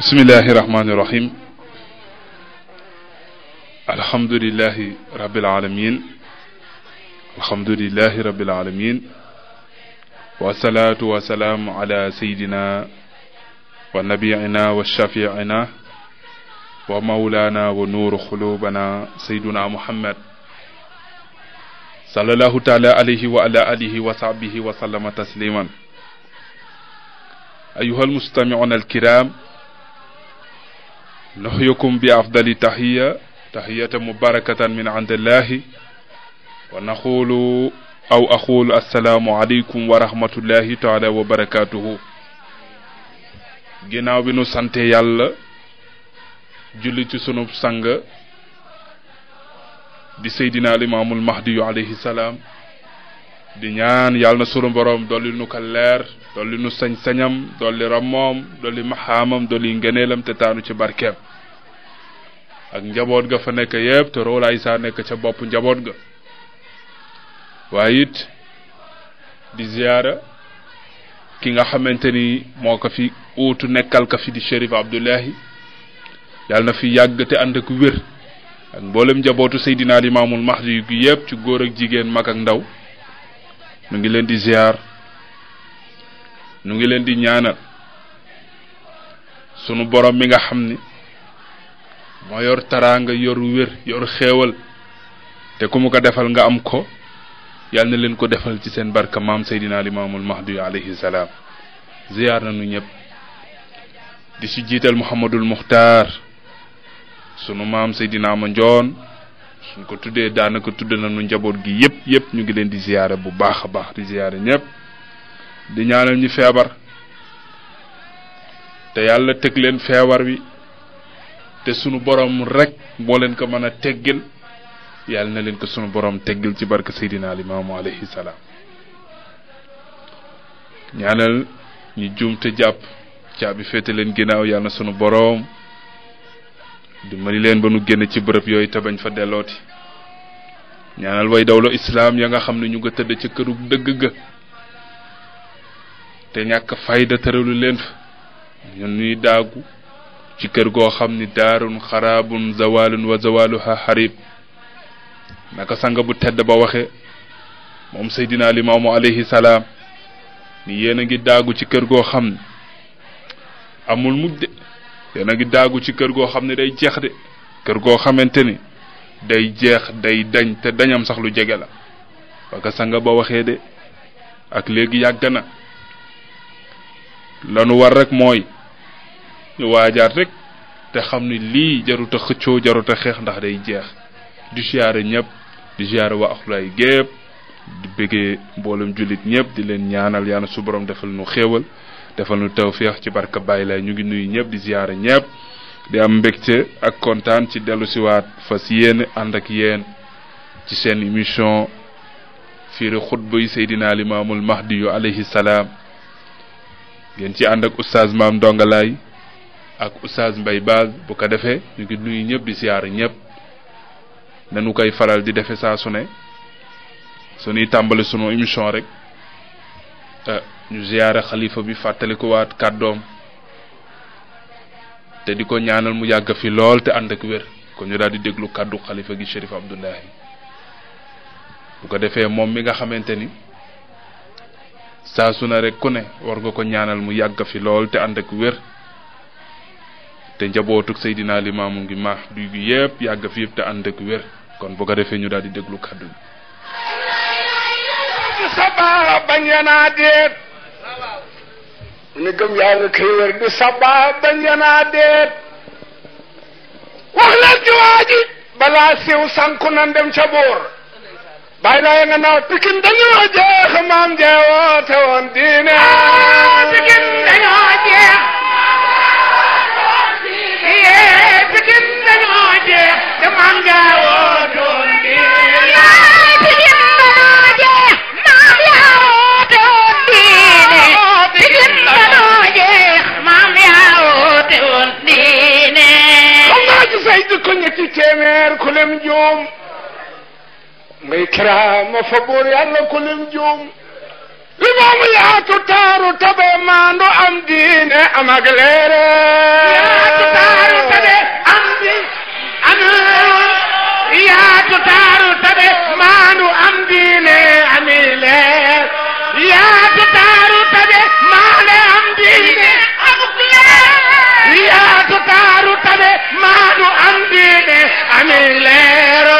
بسم الله الرحمن الرحيم الحمد لله رب العالمين الحمد لله رب العالمين والصلاة والسلام على سيدنا ونبينا وشفيعنا ومولانا ونور قلوبنا سيدنا محمد صلى الله تعالى عليه وعلى آله وصحبه وسلم تسليما أيها المستمعون الكرام نحيكم بأفضل تحية تحية مباركة من عند الله ونقول أو أقول السلام عليكم ورحمة الله تعالى وبركاته ginnaaw bi nu sante yàlla julli ci sunub sang di seydina limaamul mahdi di ñaan yàlla na sunu borom dolli nu ko leer dolli nu sañ-sañam dolli rammoom dolli maxaamam dolli ngëneelam te taanu ci barkeem ak njaboot ga fa nekk yépp te roolaay saa nekk ca bopp njaboot ga waaye it di ziyaara ki nga xamante ni moo ko fi uutu nekkal ka fi di Chérif Abdoulahi yàlla na fi yàgg te ànd ak wér ak mboolem njabootu Seydina Limaamul Mahdi gi yëpp ci góor ak jigéen mag ak ndaw nu ngi leen di ziar nu ngi leen di ñaanal sunu borom mi nga xam ni moo yor taraanga yor wér yor xéewal te ku mu ko defal nga am ko yàlla leen ko defal ci seen barka maam Seydina Limaamul Mahdi alayhi salaam na nu ñëpp di ci jiital Muhammadul Muxtaar sunu maam Seydina ma njoon suñ ko tuddee daanaka tudd nañu njaboot gi yëpp yëpp ñu ngi leen di ziyaare bu baax a baax di ziyaare ñëpp di ñaanal ñu feebar te yàlla teg leen feebar wi te sunu borom rek boo leen ko mën a teggil yàlla na leen ko sunu borom teggil ci barke Seydina Limaamu alayhi salaam ñaanal ñu juum te jàpp caabi féete leen ginnaaw yàlla na sunu boroom dimbali leen ba nu génn ci bërëb yooyu te bañ fa dellooti ñaanal way dawlo islaam ya nga xam ne ñu nga tëdd ca këru dëgg ga te ñàkk fayda tëralu leen fa ñun ñuy daagu ci kër goo xam ni daarun xaraabun zawalun wa zawaluha xarib naka sanga bu tedd ba waxe moom seydina limaamu alayhi salaam ni yéen a ngi daagu ci kër goo xam ne amul mujj de yéen a ngi daagu ci kër goo xam ne day jeex de kër goo xamante ni day jeex day dañ te dañam sax lu jege la parce que sanga ba waxee de ak léegi yàgg na nu war rek mooy ñu waajaat rek te xam ni lii jarut a xëccoo xeex ndax day jeex du siyaare ñëpp du siyaare waa axulaay gépp di bëggee mboolem jullit ñëpp di leen ñaanal yàlla su borom defal nu xéewal defal nu tawféex ci barka Baay Laay ñu ngi nuyu ñëpp di ziyaara ñëpp di am mbégte ak kontaan ci dellu siwaat fas yéen ànd ak yéen ci seen émission fiiri xutba yi Seydina Limaamul Mahdi yu salaam ngeen ci ànd ak oustaz maam Ndongalaay ak oustaz Mbay Baaz bu ko defee ñu ngi nuyu ñëpp di ziyaara ñëpp nanu koy faral di defe saa su ne suñuy tàmbali sunu émission rek eh, ñu ziyaare xalifa bi fàttalikuwaat kàddoom te di ko ñaanal mu yàgg fi lool te ànd ak wér kon ñu daal di déglu kàddu xalifa gi Chérif Abdoulahi bu ko defee moom mi nga xamante ni saa na rek ku ne war nga ko ñaanal mu yàgg fi lool te ànd ak wér te njabootuk Seydina Limaamu ngi ma duy gi yëpp yàgg fi yëpp te ànd ak wér kon bu ko defee ñu daal di déglu kàddu bi. mu ne gëm yaa nga koy wër di sabaa ba ngenaa deet wax leen ci waa ji balaa siw sànku nan dem ca buur bàyyi laa nga naaw pikin dañoo jeex maam jeewoote woon saytu ko ñetti téeméer ku lem joom ngay kiraama fa buur yàlla ku lem joom li moomu yaatu taaru tabe maandu am diine am leere yaatu yaatu taaru tabe maandu am diine ami leer mano andide amilero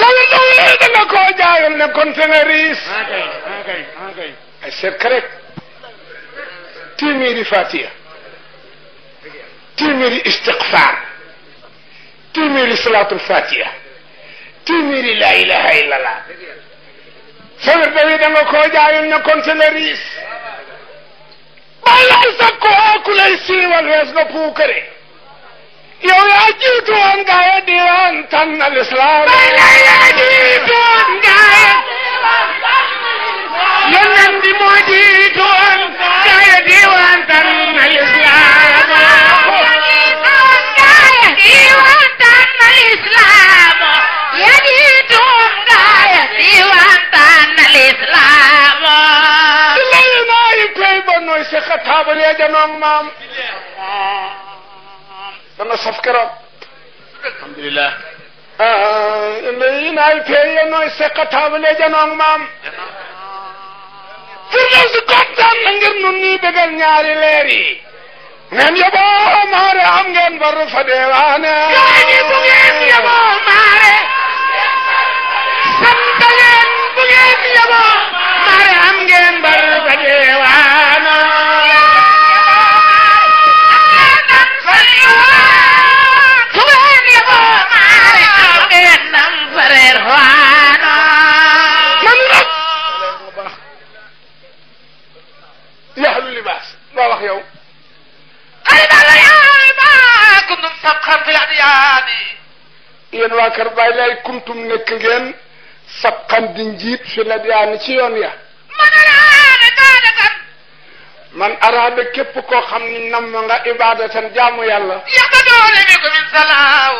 kalando yede na ko jaayol ne conteneuris ay secret téeméeri fatiha téeméeri istighfar téeméeri salatul fatiha téeméeri la ilaha illallah sawir dawi da nga koo jaayul ne conteneuris balal sa ko ku lay siiwal wees nga puukare yow yaa jiitu woon gaa yi di waan tànnal islam. yaa jiitu woon gaa yi. yónneen bi moo jiitu woon gaa yi di waan tànnal islam. yaa jiitu woon gaa yi di waan tànnal islam. yaa jiitu woon gaa yi di waan tànnal islam. léegi naa yi tey ba nooy si xataab réew ja noonu maam. dana saf keroog alhamdulilah inay peeye nooy seqa taabale janoog maam firdaw si kontaan na ngir nun ñii bégal ñaari leer yi ngeen yoboo maare am ngeen baru fa deewaane gaani bu ngeen yoboo maare sant ngeen bu am ngeen baru fa deewaane sabxatul adyaani yéen waa kër Baay Laay kuntum nekk ngeen sabxan di njiit fi la adyaani ci yoon ya man araada taadatan man araada képp koo xam ni nam ma nga ibaadatan jaamu yàlla yaxtadoone bikum insalaaw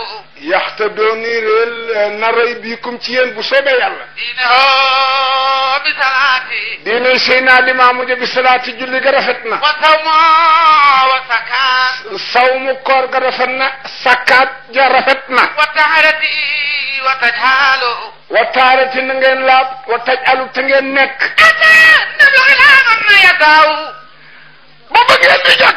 yaxtadooni réel naray biikum ci yéen bu soobee yàlla diinoo bi salaati diine Seydina Limaamu Ja bi salaati julli ga rafet na صوم كور غرفنا سكات جا رفتنا وطهرتي وتجهالو وطهرتي نغن لا وتجالو تنغن نك اتا نبلغ الان ما يداو بابا غير ديجا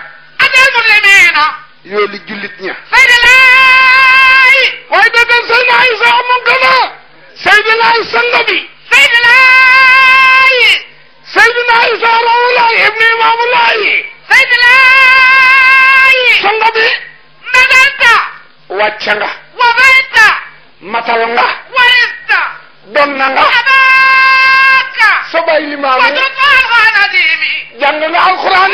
اتا من لمينا يولي جلت نيا سيد الله ويدا دن سيدنا عيسى عمان قنا سيد الله سنبي سيد الله سيدنا عيسى رؤولا ابن امام الله سيد الله yi songo bi medalta wàcca nga wabayta matal nga warista donna nga abaka sobay limaamu wajufaanadimi jàng nga alquraan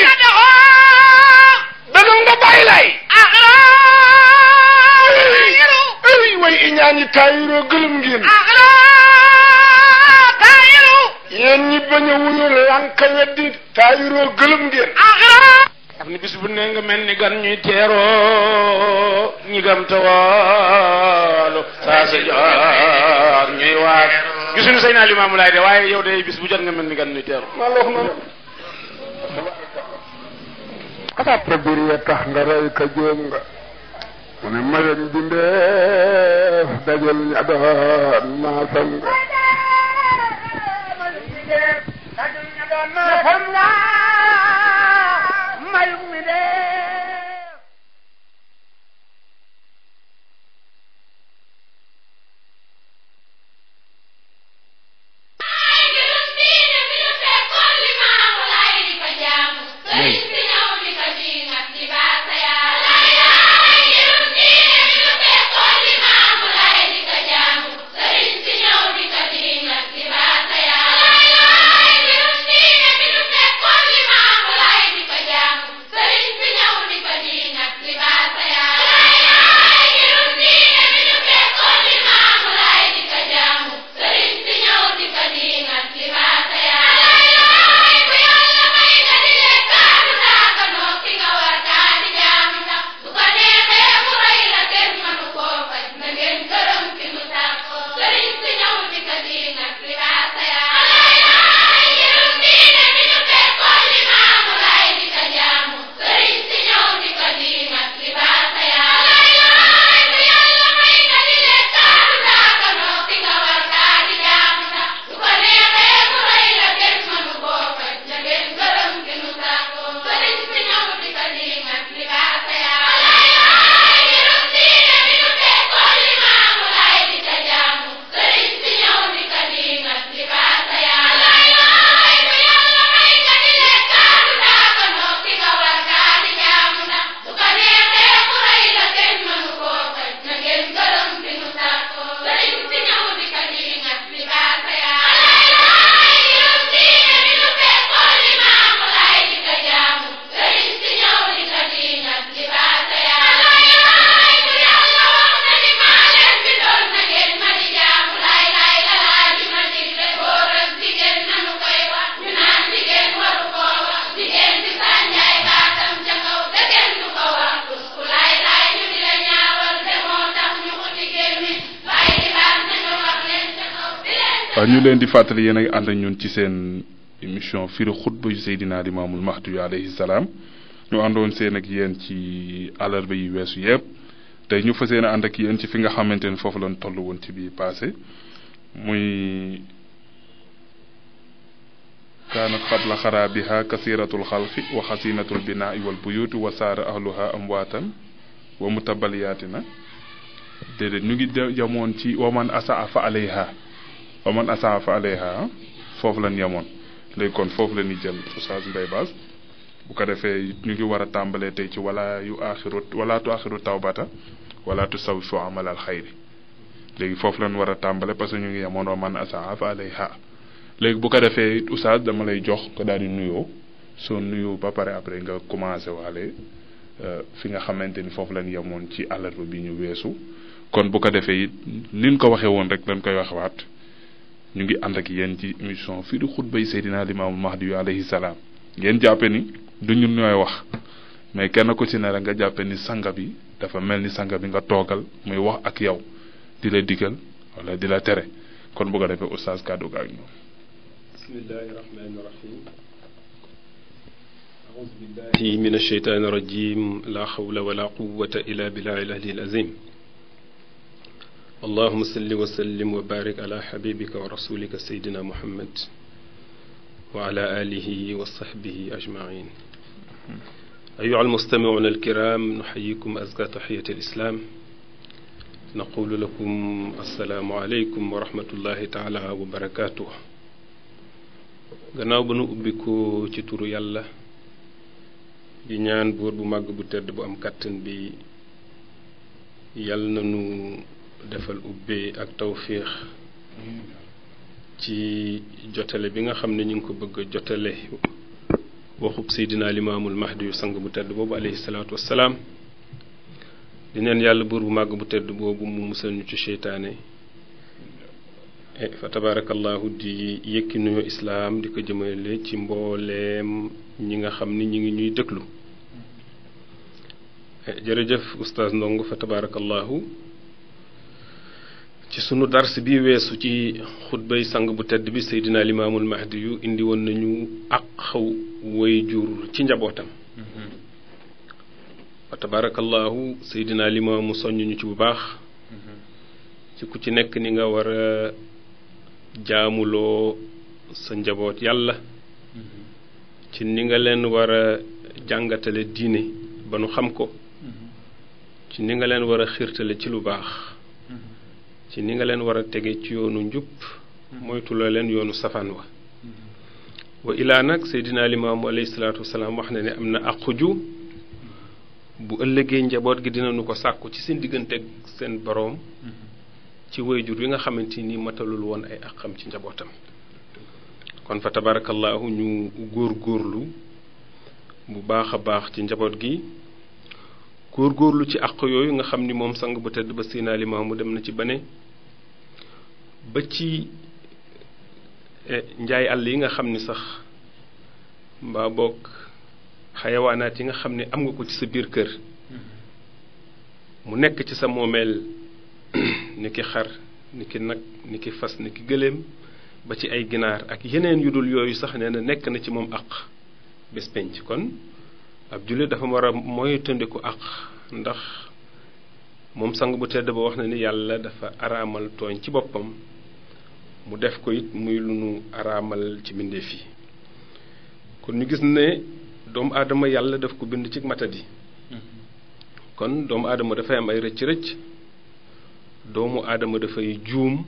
dagal nga bàyyi lay axlayiru ëy way iñaani taayiroo gëlëm ngeen axla yéen ñi bañ a wuñu lànk weddi taayiroo gëlëm ngeen daf ni bis bu ne nga mel ni gan ñuy teeroo ñi gam tawaalo saa ñuy waar gisuñu say naa limaamu laay de waaye yow de bis bu jot nga mel ni gan ñuy teeroo maa la wax noonu xanaa tabir ya tax nga rey ka jóom nga mu ne mayoon bindeef dajal ña doon maasam nga mayoon ñu leen di fàttali yéen a ànd ak ñun ci seen émission firi xutba yu Seydina Limaamul Mahdi yu alayhi salaam ñu àndoon seen ak yéen ci àllarba yi weesu yëpp te ñu fa yéene ànd ak ci fi nga xamante ne foofu lañ toll woon ci biir passé muy kaanat xabla xaraabiha kasiratul xalfi wa xasinatul binaai wal buyuuti wa saara ahluha amwaatan wa mutabaliyaatina déedéet ñu ngi jamoon ci waman asaa fa alayha wa man asaa fa aleyha foofu lañ yemoon léegi kon foofu la ñuy jël oustaz mbay Bass bu ko defee ñu ngi war a tàmbalee tey ci wala yu axiru wala tu axiru tawbata wala tu saw fu amal al xayri léegi foofu lañ war a tàmbale parce que ñu ngi yemoon wa man asaa fa aleyha léegi bu ko defee oustaz dama lay jox ko daal di nuyoo soo nuyoo ba pare après nga commencé waale euh, fi nga xamante ni foofu lañ yemoon ci àllarba bi ñu weesu kon bu ko defee it niñ ko waxee woon rek dañ koy waxewaat ñu ngi ànd ak yéen ci émission fii di xutbay Seydina Limaamu Mahdi yu alayhi salaam ngeen jàppe ni du ñun ñooy wax mais kenn ku ci ne nga jàppe ni sanga bi dafa mel ni sanga bi nga toogal muy wax ak yow di la digal wala di la tere kon bu ko defee oustaz kàddu ga ak ñoom bismillahi rahmani rahim auzu billahi allahuma salli wa sallim wa barik ala xabibika wa rasulika seydina muhammad wa ala alihi wa saxbihi ajmain ayuha almustamicuuna alkiram nuxayikum azka taxiyat alislaam naqulu lakum assalaamu aleykum wa rahmatullahi taala wa barakaatuh gannaaw ba nu ubbi ko ci turu yàlla di ñaan buur bu màgg bu tedd bu am kàttan bi yàlla na nu defal ubbee ak tawfiix ci jotale bi nga xam ne ñu ngi ko bëgg a jotale waxub seydinaa limaamul mahdi yu sang bu tedd boobu aleyhi salaatu di neen yàlla buur bu màgg bu tedd boobu mu musal ñu ci seytaane e, fa tabarakallahu di yëkki nuyoo islaam di ko jëmale ci mbooleem ñi nga xam ni ñi ngi ñuy déglu e, jërëjëf oustaz Ndongo fa tabarakallahu ci sunu dars bi weesu ci xutbay sang bu tedd bi Seydina Limaamul Mahdi yu indi woon nañu ak xaw way jur ci njabootam wa tabarakallahu Seydina Limaamu soññ ci bu baax ci ku ci nekk ni nga war a jaamuloo sa njaboot yàlla ci ni nga leen war jàngatale diine ba nu xam ko ci ni nga leen war a xiirtale ci lu baax ci ni nga leen war a tege ci yoonu njub mhm. moytuloo leen yoonu safaan wa mhm. wa ilaa nag seydinaa limaamu alayhi salaatu wax na ne am na aquju bu ëllëgee njaboot gi dinañu ko sàkku ci seen diggante ak seen boroom mhm. ci jur yi nga xamante ni matalul woon ay àqam ci njabootam kon fa tabarakallahu ñu góor góorlu bu baax a baax ci njaboot gi góor góorgóorlu ci àq yooyu nga xam ni moom sang bu tedd ba Seydina Limaamu dem na ci ba ba ci e, njaay àll yi nga xam ni sax mbaa bokk xayawaanaat yi nga xam ni am nga ko ci sa biir kër mu nekk ci sa moomeel ni ki xar ni ki nag ni ki fas ni ki gëléem ba ci ay ginaar ak yeneen yu dul yooyu sax nee na nekk na ci moom àq bés penc kon ab jullit dafa war a moytandiku ak ndax moom sang bu tedd ba wax na ni yàlla dafa araamal tooñ ci boppam mu def ko it muy lu nu araamal ci mbindeef yi kon ñu gis ne doomu aadama yàlla daf ko bind ci matadi kon doomu aadama dafay am ay rëcc rëcc doomu aadama dafay juum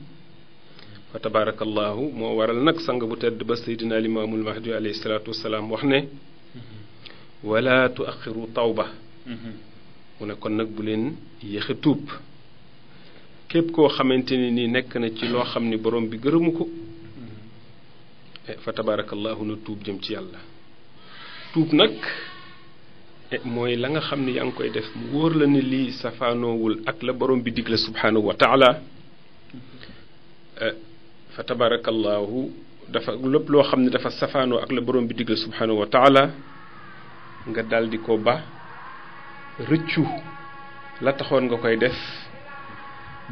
fa tabaarakallaahu moo waral nag sang bu tedd ba seydinaa limaamul mahdi alayhi salaatu wasalaam wax ne ولا تؤخروا توبة ونكون نقبلين يخطوب كيف كو خمنتني ني نك نا سي لو خامني بروم بي غرمكو إيه، فتبارك الله نتوب جيم سي الله توب نك إيه، موي لاغا خامني يان كوي ديف مو وور لا ني لي سفانو وول اك لا بروم بي ديغلا سبحانه وتعالى إيه، فتبارك الله دافا لوب لو خامني سفانو اك بروم بي ديغلا وتعالى nga daldi ko ba rëccu la taxoon nga koy def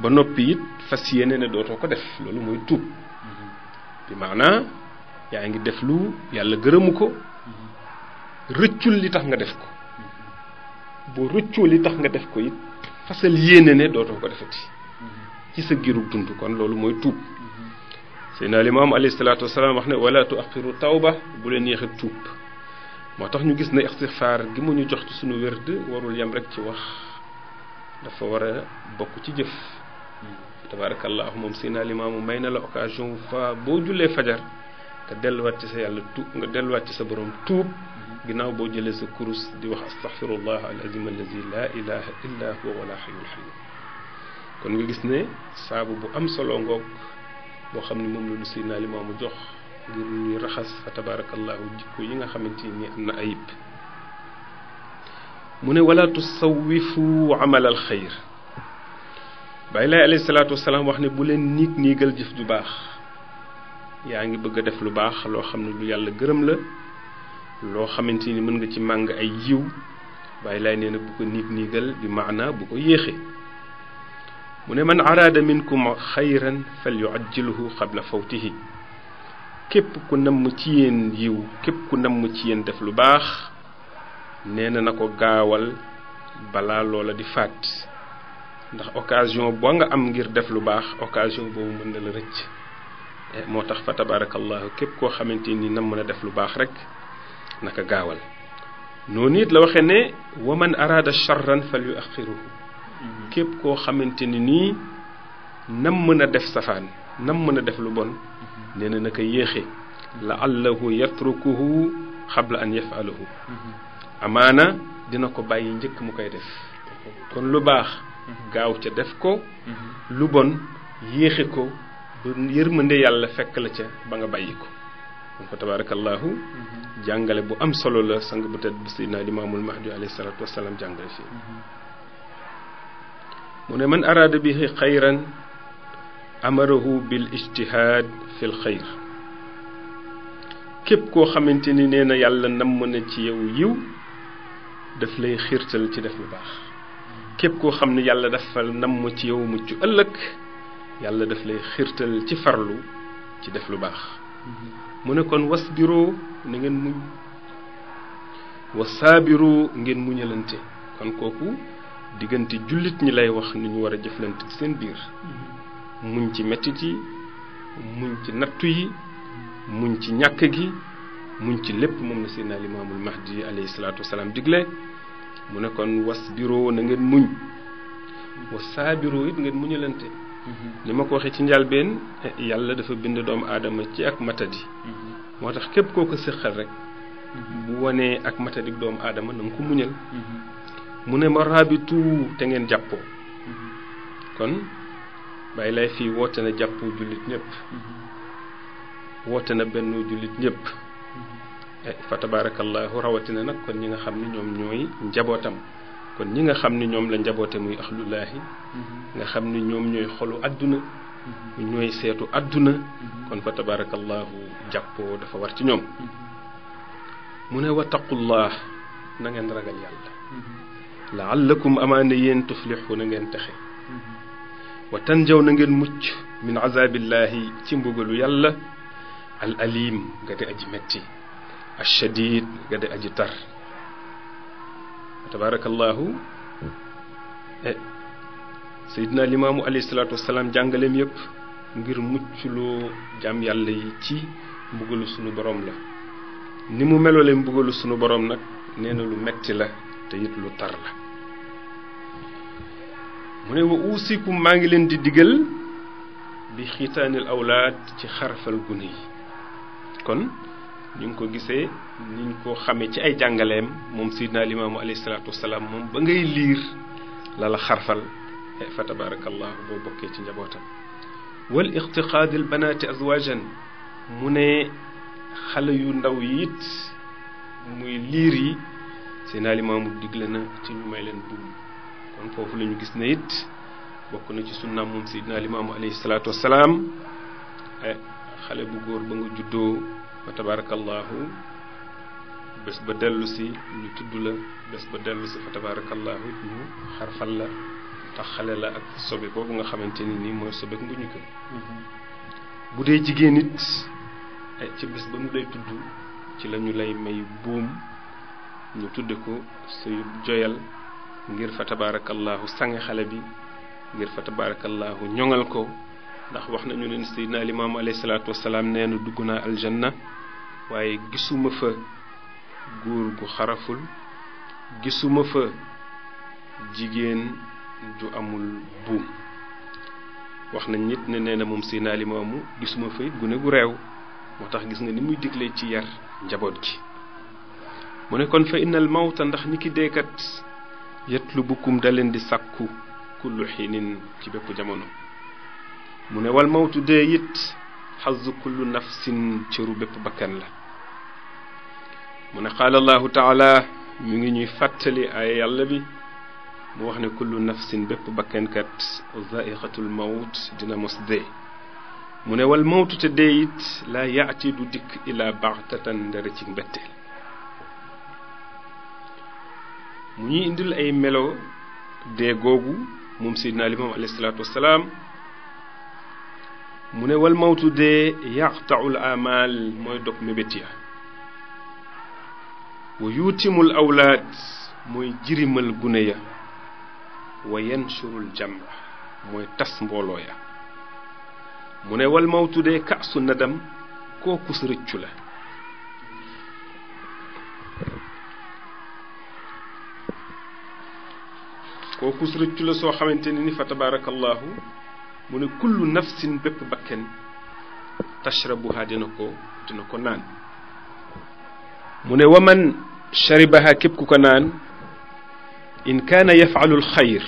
ba noppi it fas yéene ne dootoo ko def loolu mooy tuub bi maanaa yaa ngi def lu yàlla gërëmu ko rëccul li tax nga def ko boo rëccoo li tax nga def ko it fasal yéene ne dootoo ko defati ci sa girub dund kon loolu mooy tuub Seydina Limaam alayhi salaatu wasalaam wax ne wala taw ba bu leen yéex tuub motax ñu gis ne istighfar gi mu ñu jox ci suñu wérd warul yam rek ci wax dafa wara bokk ci jëf tabarakallah mom sina limam mayna la occasion fa bo julé fajar te delu wat ci sa yàlla tu nga delu wat ci sa borom tu ginaaw bo jëlé sa kurus di wax astaghfirullah alazim allazi la ilaha illa huwa wala hayyul xayum kon nga gis ne saabu bu am solo ngok bo xamni mom lu sina limam jox ngir ñuy raxas fa tabarakallahu jikko yi nga xamante ni am na ayib mu ne wala tusawifu amal al xayr bàyyi laay alayhi salaatu wasalaam wax ne bu leen niig niigal jëf ju baax yaa ngi bëgg def lu baax loo xam ne lu yàlla gërëm la loo xamante ni mën nga ci màng ay yiw bàyyi laay nee na bu ko niig niigal bi maana bu ko yéexee mu ne man araada minkum xayran fal yuajjiluhu qabla fawtihi képp ku namm ci yéen yiw képp ku namm ci yéen def lu baax nee na na ko gaawal balaa loola di faat ndax occasion boo nga am ngir def lu baax occasion boobu mën na la rëcc eh, moo tax fa tabarakallahu képp koo xamante ni namm na def lu baax rek naka gaawal noonu it la waxee ne wa man araada charran fal yu axiruhu mm-hmm. képp koo xamante ni nii namm na def safaan namm na def lu bon nee na na ko yéexe la allahu yatrukuhu xabla an yafalahu amaana dina ko bàyyi njëkk mu koy def kon lu baax gaaw ca def ko lu bon yéexe ko ba yërmande yàlla fekk la ca ba nga bàyyi ko kon ko tabarakallahu jàngale bu am solo la sang bu tedd bi sayyidina limaamul mahdi alayhi salaatu wasalaam jàngale fii mu ne man araada bihi xayran amarahu bil ijtihaad fil xayr képp koo xamante ni nee na yàlla namm na ci yow yiw daf lay xiirtal ci def lu baax képp koo xam ne yàlla dafa namm ci yow mucc ëllëg yàlla daf lay xiirtal ci farlu ci def lu baax mu ne kon was wasbiroo na ngeen muñ wasaabiroo ngeen muñalante kon kooku diggante jullit ñi lay wax ni ñu war a jëflante ci seen biir mm-hmm. muñ ci mettit yi muñ ci nattu yi muñ ci ñàkk gi muñ ci lépp moom la seydina limaamul mahdi alayhi salaatu wasalaam digle mu ne kon was biroo na ngeen muñ wa saabiroo it ngeen muñalante li mhm. ma ko waxee ci njalbeen yàlla dafa bind doomu aadama ci ak matadi mhm. moo tax képp koo ko sëqal rek bu mhm. wonee ak matadi doomu aadama na nga ko muñal mu ne ma raabitu te ngeen jàppoo kon bàyyi lay fii woote na jàppoo jullit ñëpp mm-hmm. woote na benn jullit ñëpp eh, fa tabaarakallaahu rawatina nag kon ñi nga xam ne ñoom ñooy njabootam kon ñi nga xam ni ñoom la njaboote muy ahlullaahi mm-hmm. nga xam ni ñoom ñooy xolu àdduna mm-hmm. ñooy seetu àdduna kon fa tabaarakallaahu jàppoo dafa war ci ñoom mu ne wa taqullah na ngeen ragal yàlla laallakum amaana yéen tuflixu na ngeen texe wa tanjaw na ngeen mucc min azabillahi ci mbugalu yàlla al alim nga di aji metti al shadid nga di aji tar tabarakallahu eh, seydina limaamu alayhi salaatu jàngaleem yépp ngir mucculoo jaam yàlla yi ci mbugalu sunu borom la ni mu meloolee mbugalu sunu borom nag nee na lu metti la te it lu tar la mu ne wa uusikum maa ngi leen di diggal bi xitaanil awlaad ci xarfal gune yi kon ñu ngi ko gisee ni ñu ko xamee ci ay jàngaleem moom sidna limaamu alayhi salaatu wasalaam moom ba ngay liir la la xarfal fa tabarakallahu boo bokkee ci njabootam wal ixtiqaadil banaati azwaajan mu ne xale yu ndaw yi it muy liir yi sidna limaamu digle na ci ñu may leen buum kon foofu la gis ne it bokk na ci su moom Seydina Limaamu alayhi salaatu wassalaam eh, xale bu góor ba nga juddoo fa tabarakallahu bés ba dellu si ñu tudd la bés ba dellu si fa tabarakallahu ñu xarfal la tax xale la ak sobe bu nga xamante ni nii mooy sobe bu ñu ko mm-hmm. bu dee jigéen it eh, ci bés ba mu lay tudd ci lañu lay may buum ñu tudd ko sëyu joyal ngir fa tabaarakallaahu sang xale bi ngir fa tabaarakallaahu ñoŋal ko ndax wax nañu leen seydina limaam alayhi salaatu wasalaam nee na dugg naa aljanna waaye gisuma fa góor gu xaraful gisuma fa jigéen ju amul buum wax nañ nit ne nee moom seydina limaamu gisuma fa it gune gu réew moo tax gis nga ni muy digle ci yar njaboot gi mu ne kon fa innal mawta ndax ni ki deekat yatlubukum da daleen di sàkku kullu xiinin ci bépp jamono mu ne wal mawtu dee it xazu kullu nafsin cëru bépp bakkan la mu ne qaala allahu taala mu ngi ñuy fàttali ay yàlla bi mu wax ne kullu nafsin bépp bakkankat zaiqatul mawt dina mos dee mu ne wal mawtu te dee it laa yaati du dikk ilaa baxtatan ndara ci mbetteel mu ñuy indil ay melo dee googu moom seydina alimaam salaatu wassalaam mu ne wal mawtu dee yaqtaul amal mooy dog mébét ya wa yuutimul awlaad mooy jirimal gune ya wa yansurul jam mooy tas mbooloo ya mu ne wal mawtu dee kaasu nadam kooku sa rëccu la kooku su la soo xamante ne ni fa tabaarakallaahu mu ne kullu nafsin bépp bakken tashrabuha dina ko dina ko naan mu ne waman sharibaha képp ku ko naan in kaana yafaalul xayr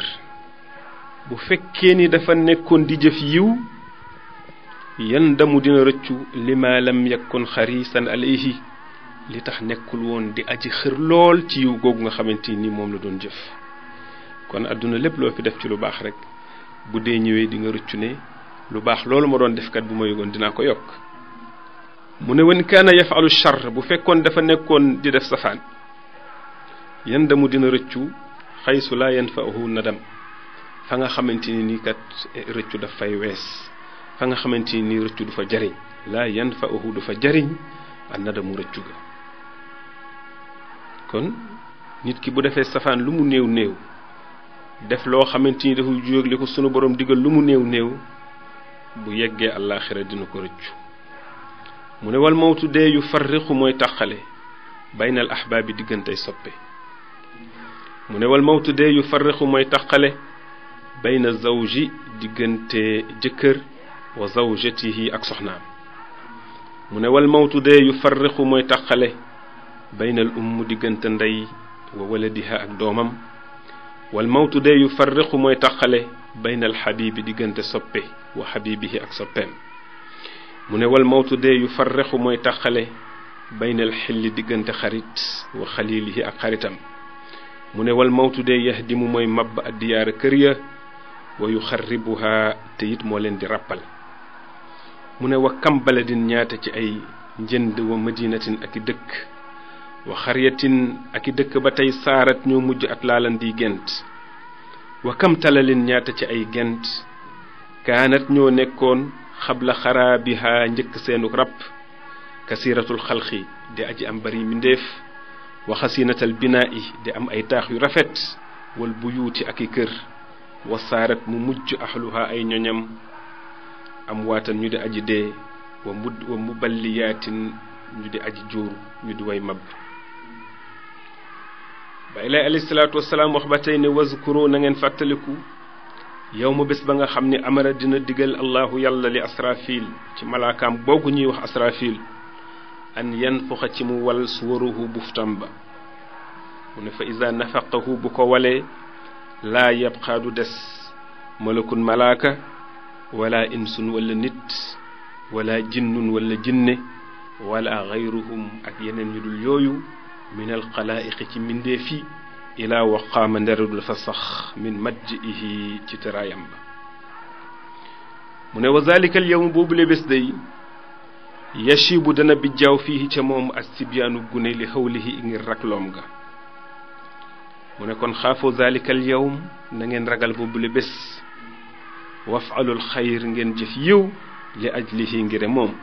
bu fekkee ni dafa nekkoon di jëf yiw yandamu dina rëccu lima lam yakun xarisan alayhi li tax nekkul woon di aji xër lool ci yiw googu nga xamante ni moom la doon jëf kon àdduna lépp loo fi def ci lu baax rek bu dee ñëwee di nga rëccu ne lu baax loolu ma doon defkat bu ma yëgoon dina ko yokk mu ne wan kaana yafalu char bu fekkoon dafa nekkoon di def safaan yandamu dina rëccu xaysu laa yanfa'uhu nadam fa nga xamante ni nii kat eh, rëccu daf fay wees fa nga xamante ni nii rëccu du fa jariñ laa yanfa'uhu du fa jariñ a nadamu rëccu ga kon nit ki bu defee safaan lu mu néew néew def loo xamante ni dafa jóg li ko sunu borom digal lu mu néew néew bu yeggee àllaaxira dina ko rëccu mu ne wal mawtu dee yu farriqu mooy tàqale baynal ahbaab yi diggantey soppe mu ne wal mawtu dee yu farriqu mooy tàqale bayna zawji diggante jëkkër wa yi ak soxnaam mu ne wal mawtu dee yu farriqu mooy tàqale baynal umm diggante ndey wa waladiha ak doomam والموت دي يفرق موي بين الحبيب ديغنت سوبي وحبيبه اك سوبن من والموت دي يفرق موي بين الحل ديغنت خريت وخليله اك خريتم من والموت دي يهدم موي مب الديار كريا ويخربها تيت مولين دي رابال من وكم بلد نياتا اي جند ومدينه اك دك wa xaryatin ak i dëkk ba tey saarat ñu mujj ak laalan di gént wa kam talalin ñaata ci ay gent kaanat ñoo nekkoon xabla xaraabiha njëkk seenu ràpp kasiratul xalqi di aji am bari mbindéef wa binaa i di am ay taax yu rafet wal buyuuti ak i kër wa saarat mu mujj ahluha ay ñoñam am waatan ñu di aji dee wa mud wa ñu di aji jóoru ñu di way mab ba ilay alayhi salaatu wax ba tey ne wazkuru na ngeen fàttaliku yow ma bés ba nga xam ni amara dina diggal allahu yàlla li asrafil ci malaakaam boogu ñuy wax asrafil an yanfuxa ci mu wal suwaruhu buftam ba mu ne fa isa nafaqahu bu ko walee laa yabqaa du des malakun malaaka wala insun wala nit walaa jinnun wala jinne wala gayruhum ak yeneen ñu dul yooyu من القلائق من دفي إلى وقام نرد الفسخ من مجئه تترى يمبا من وذلك اليوم بوب لبس دي يشيب دنا بجاو فيه تموم السبيان قني لحوله إن الرق لومغا من كون خافوا ذلك اليوم نغن رقل بوب لبس وافعلوا الخير نغن جفيو لأجله نغير موم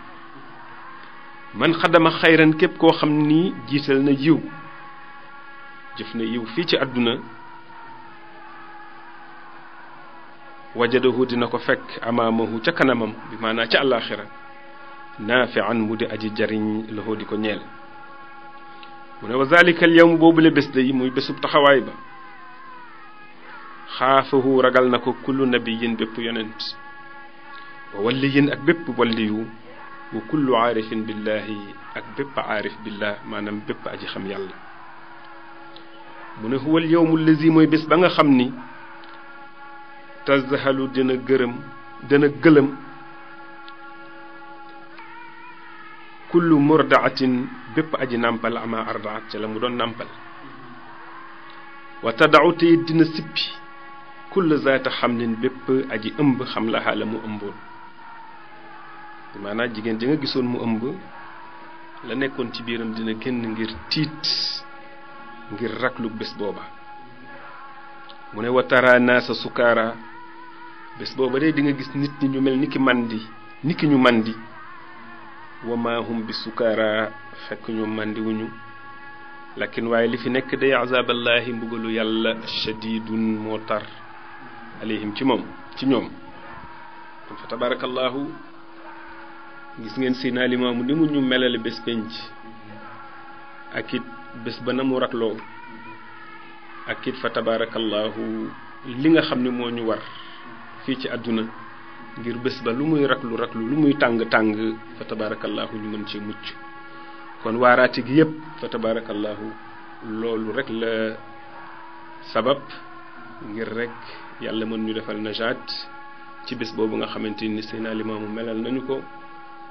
man xadama xayran képp koo xam ni jiital na yiw jëf na yiw fii ci àdduna wajadahu dina ko fekk amaamahu ca kanamam bi maanaa ca àllaaxira naafian mu di aji jariñ lahoo di ko ñeel mu ne wa zalika al yawm bés day muy bésub taxawaay ba xaafahu ragal na ko kullu nabiyin bépp yonent wa walliyin ak bépp walliyu wa kullu aarifin billahi ak bépp aarif billah manam bépp aji xam yàlla mu ne huwal yowmu lazi mooy bés ba nga xamni tazhalu dina gërëm dina gëlëm kullu murdaatin bépp aji nàmpal ama ardaat ci lamu don nàmpal wa tad'u te dina sippi kull zaata hamlin bépp aji ëmb xam la halamu ëmboon maanaam jigéen ji nga gisoon mu ëmb la nekkoon ci biiram dina génn ngir tiit ngir lu bés booba mu ne watara naa sa sukaara bés booba de di nga gis nit ñi ñu mel ni ki màndi ni ki ñu màndi wamaahum bi sukaara fekk ñu màndi lakin waaye li fi nekk day azaaballaahi mbugalu yàlla shadidun moo tar ci moom ci ñoom kon fa tabarakallahu gis ngeen Seydina mu ni mu ñu melale bés penc ak it bés ba na mu ragloo ak it fa tabaarakallaahu li nga xam ne moo ñu war fii ci àdduna ngir bés ba lu muy raklu raklu lu muy tàng-tàng fa tabaarakallaahu ñu mën ci mucc kon waaraate gi yépp fa tabaarakallaahu loolu rek la sabab ngir rek yàlla mën ñu defal najaat ci bés boobu nga xamante ni Seydina mu melal nañu ko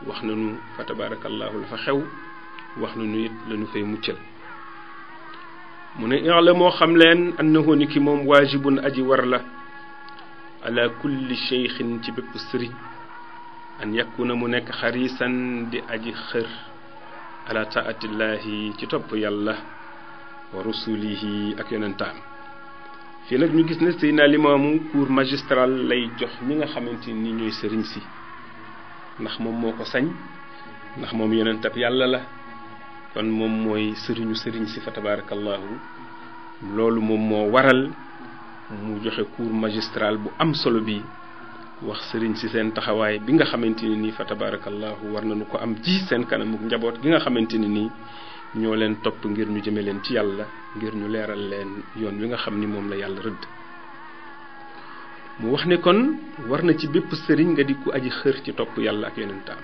wax nañu fa tabaarakallaahu la fa xew wax nañu it lañu fay muccal mu ne ila moo xam leen annahu ni ki moom waajibun aji war la ala kulli cheikhin ci bépp sëriñ an na mu nekk xarisan di aji xër ala taatillahi ci topp yàlla wa rasulihi ak yonentaam fii nag ñu gis ne Seydina Limaamu cours magistral lay jox ñi nga xamante ni ñooy sëriñ si ndax moom moo ko sañ ndax moom yonentab yàlla la kon moom mooy sëriñu sëriñ si fa tabarakallahu loolu moom moo waral mu joxe cours magistral bu am solo bi wax sëriñ si seen taxawaay bi nga xamante ne nii fa tabarakallahu war nañu ko am ji seen kanamu njaboot gi nga xamante ne nii ñoo leen topp ngir ñu jëme leen ci yàlla ngir ñu leeral leen yoon wi nga xam ni moom la yàlla rëdd mu wax ne kon war na ci bépp sëriñ nga di ku aji xër ci topp yàlla ak yonentam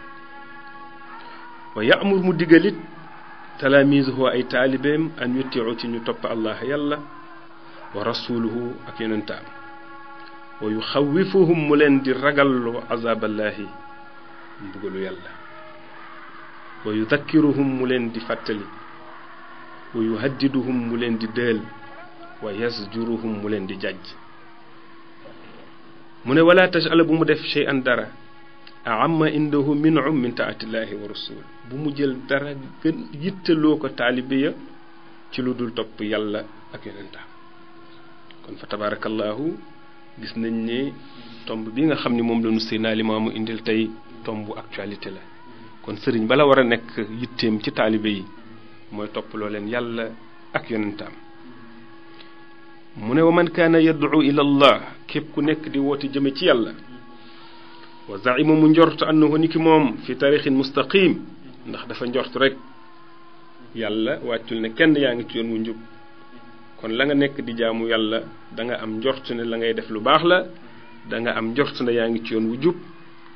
wa yaamur mu digalit talaamiisuhu ay taalibeem an yutiicu ci ñu topp allah yàlla wa rasuluhu ak yonentam wa yuxawifuhum mu leen di ragallu azaballahi mbugalu yàlla wa yudakkiruhum mu leen di fàttali wa yuhaddiduhum mu leen di dëel wa yasjuruhum mu leen di jàjj mu ne wala tajal bu mu def chey an dara amma indahu minum min taatillahi wa rasul bu mu jël dara gën yittaloo ko taalibe ya ci lu dul topp yàlla ak yonentam kon fa tabarakallahu gis nañ ne tomb bi nga xam ne moom la ñu Seydina Limaamu indil tey tomb actualité la kon sëriñ bala war a nekk yitteem ci taalibe yi mooy topp loo leen yàlla ak yonentam mu ne wa man kaana yad'u ila allah képp ku nekk di woote jëme ci yàlla wa zaima mu njort annahu niki moom fi tarixin mustaqim ndax dafa njort rek yàlla wàccul ne kenn yaa ngi ci yoon wu njub kon la nga nekk di jaamu yàlla da nga am njort ne la ngay def lu baax la da nga am njort ne yaa ngi ci yoon wu jub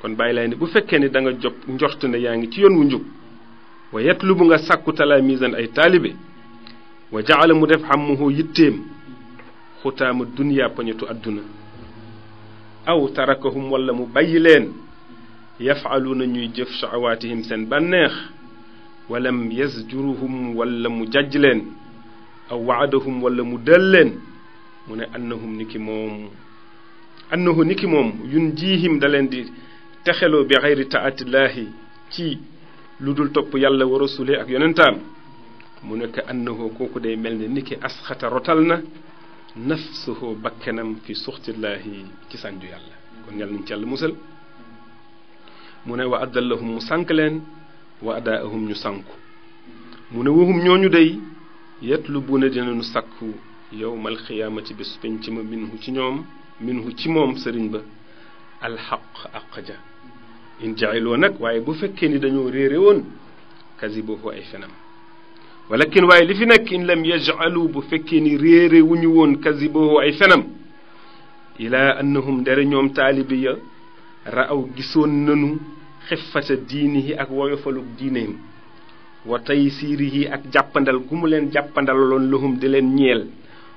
kon bàyyi lay ne bu fekkee ne da nga job njort ne yaa ngi ci yoon wu njub wa yatlubu nga sàkku talamisan ay taalibe wa jaala mu def xamuhu yitteem ختام الدنيا بنيتو أدنى أو تركهم ولا مبيلين يفعلون ني جف شعواتهم سن بنخ ولم يزجرهم ولا مججلين أو وعدهم ولا مدلين من أنهم نكموم أنه نكموم ينجيهم دلين دي تخلو بغير تأت الله تي لدول توب يالله ورسوله أك ينتام من أنه كوكو دي ملني نكي أسخة رتلنا nafsuhu bakkanam fi suxtillaahi ci sànju yàlla kon ñal nañ ci yàlla musal mu ne wa addallahum mu sànk leen wa ñu sànku mu ne waxum ñooñu day yatlubuuna dinañu sàkku yowmal xiyaamati bés penc ma minhu ci ñoom minhu ci moom sëriñ ba alxaq àq ja in nag waaye bu fekkee ni dañoo réere woon kasibuhu ay fenam walakin waaye li fi nekk in lam yajalu bu fekkee ni réere wu ñu woon kasibahu ay fenam ilaa annahum dara ñoom taalibi ya ra'aw gisoon nanu xeffata diinihi ak woyofalug diineem wa taysiirihi ak jàppandal gu mu leen jàppandaloon lahum di leen ñeel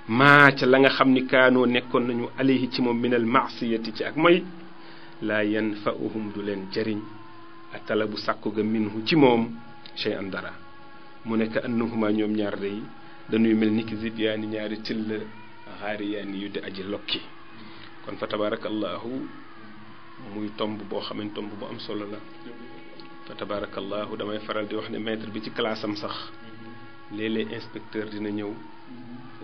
maa ca la nga xam ni kaanoo nekkoon nañu alayhi ci moom minal maasiyati ci ak mooy laa yanfa'uhum du leen jariñ atalabu sàkku ga minhu ci moom shay'an dara mu nekk annahuma ñoom ñaar day dañuy mel ni ki yaa ni ñaari till xaari yaa ni yu di aji lokki kon fa tabarakallahu muy tomb boo xam ne tomb bu am solo la fa tabarakallahu damay faral di wax ne maître bi ci classe sax léeg-léeg dina ñëw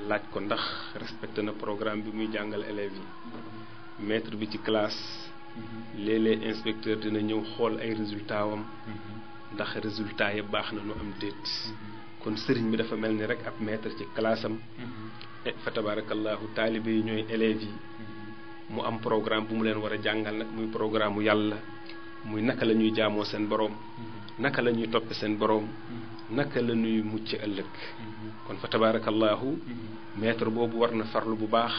laaj ko ndax respecté na programme bi muy jàngal élèves yi maître bi ci classe léeg-léeg dina ñëw xool ay résultat wam ndax résultat yi baax na nu am déet mm-hmm. kon sëriñ bi dafa mel ni rek ab maître ci kalaasam am mm-hmm. eh, fa tabarakallahu taalibe yi ñooy élèves yi mm-hmm. mu am programme bu mu leen war a jàngal nag muy programme mu yàlla muy naka la ñuy jaamoo seen boroom naka la ñuy toppe seen boroom naka la ñuy mucc ëllëg kon fa tabarakallahu maître boobu war na farlu bu baax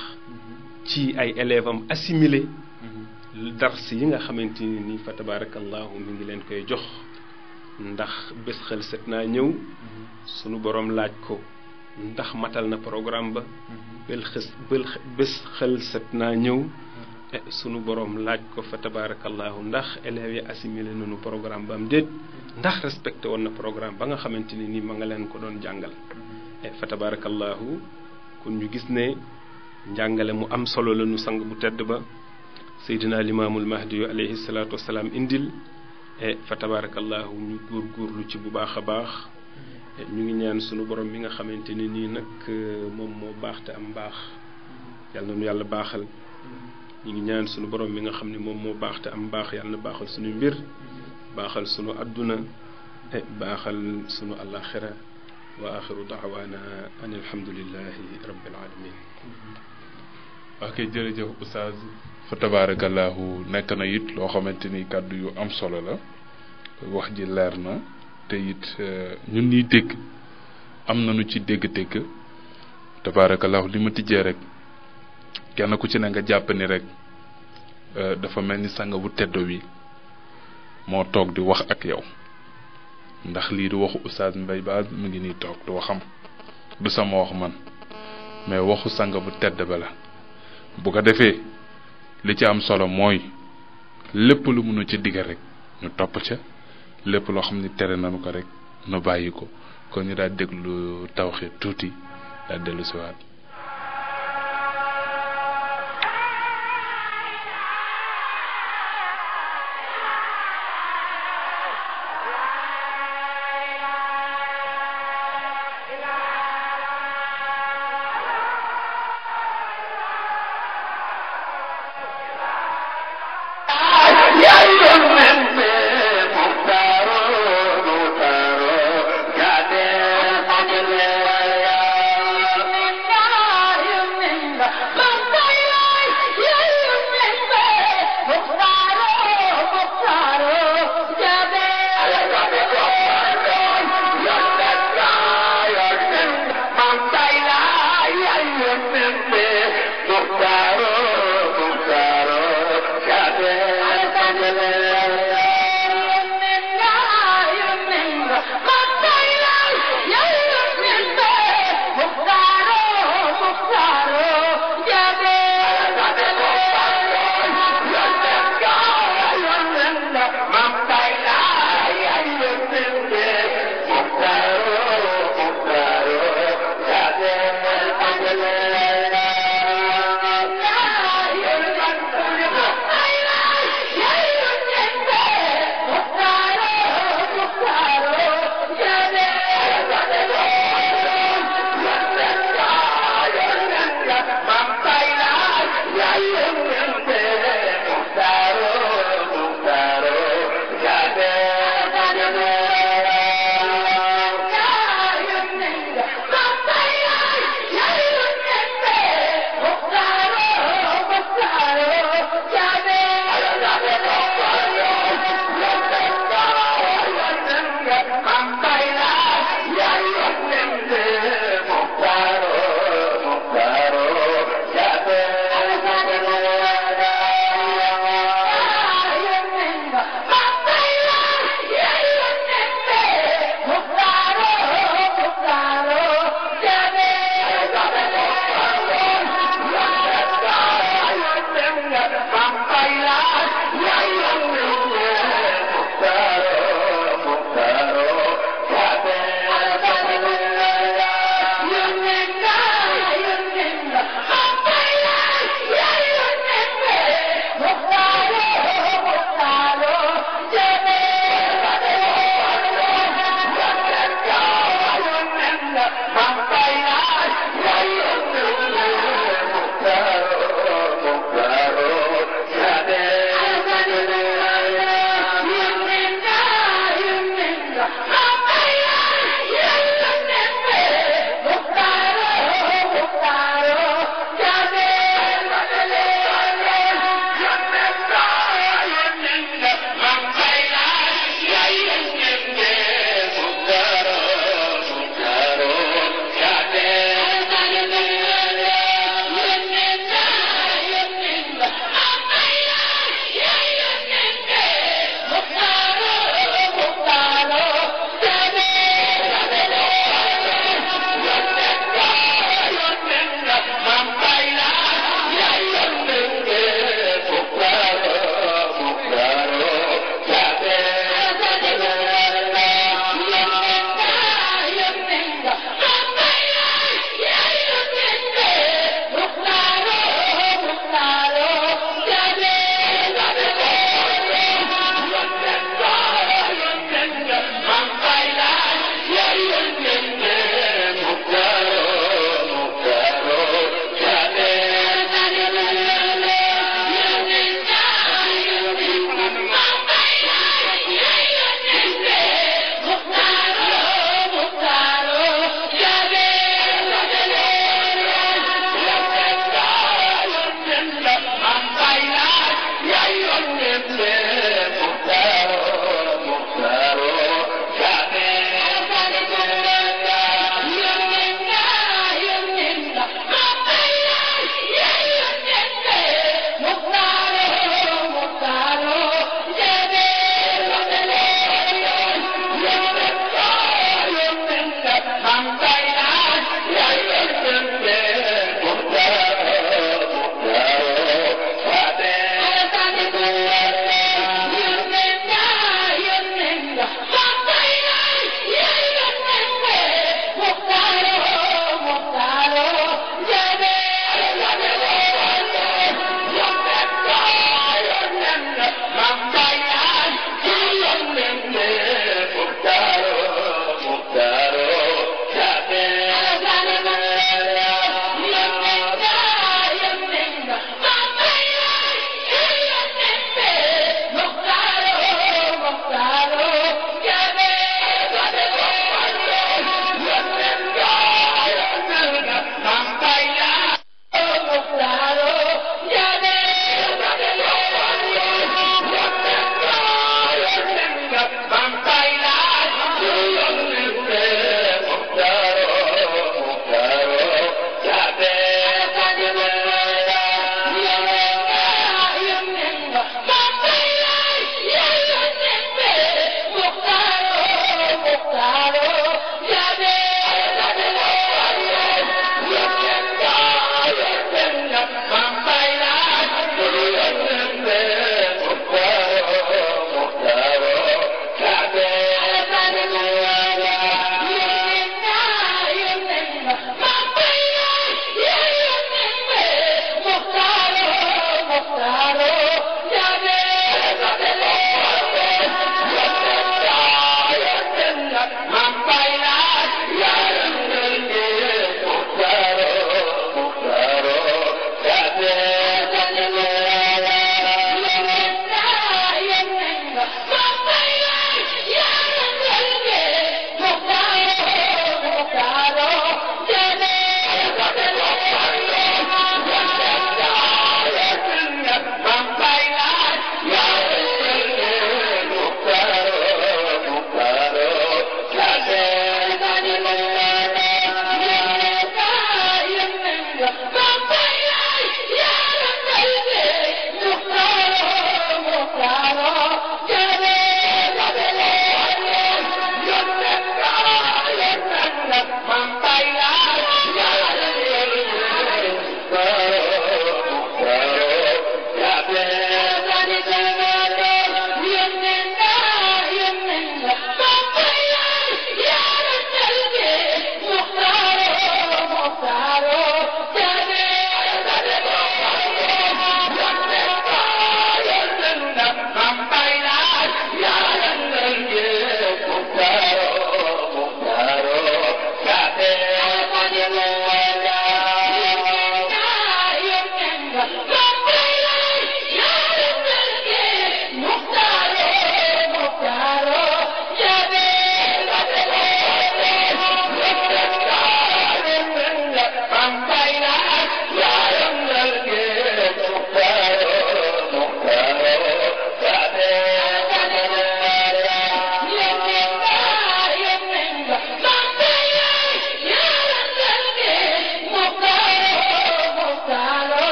ci ay élèves am assimilé dars yi nga xamante ni fa tabarakallahu mi ngi leen koy jox ndax bés xel set naa ñëw sunu borom laaj ko ndax matal na programme ba bel xes set naa ñëw mm-hmm. eh, sunu boroom laaj ko fa tabarakallahu ndax élèves yi assimilé nañu programme ba am déet mm-hmm. ndax respecté woon na programme ba nga xamante ni nii ma nga leen ko doon jàngal mm-hmm. eh, fa tabarakallahu kon ñu gis ne njàngale mu am solo la sang bu tedd ba seydina limaamul mahdi yu alayhi salaatu wasalaam indil e fa tabarakallahu ñu góorgóorlu ci bu baax a baax ñu ngi ñaan sunu borom mi nga xamante ne nii nag moom moo baax te am baax yàlla nu yàlla baaxal ñu ngi ñaan sunu borom mi nga xam ne moom moo baax te am baax yàlla na baaxal sunu mbir baaxal sunu àdduna e baaxal sunu alaxira wa axiru daawaana an alhamdulilahi rabbil alamin ok jërëjëf oustaz fa tabaarakallaahu nekk na it loo xamante ni kàddu yu am solo la wax ji leer na te it euh, ñun ñuy dégg am na ñu ci dégg-dégg tabaarakallaahu li ma tijjee rek kenn ku ci ne nga jàpp ni rek euh, dafa mel ni sanga bu teddo wi moo toog di wax ak yow ndax lii di waxu oustaz Mbaye Baaz mu ngi nii toog du waxam du sama wax man mais waxu sanga bu tedd ba la bu ko defee li ci am solo mooy lépp lu mënu ci digal rek ñu topp ca lépp loo xam ni tere nanu ko rek nu bàyyi ko kon ñu daal déglu tawxi tuuti daal dellu siwaat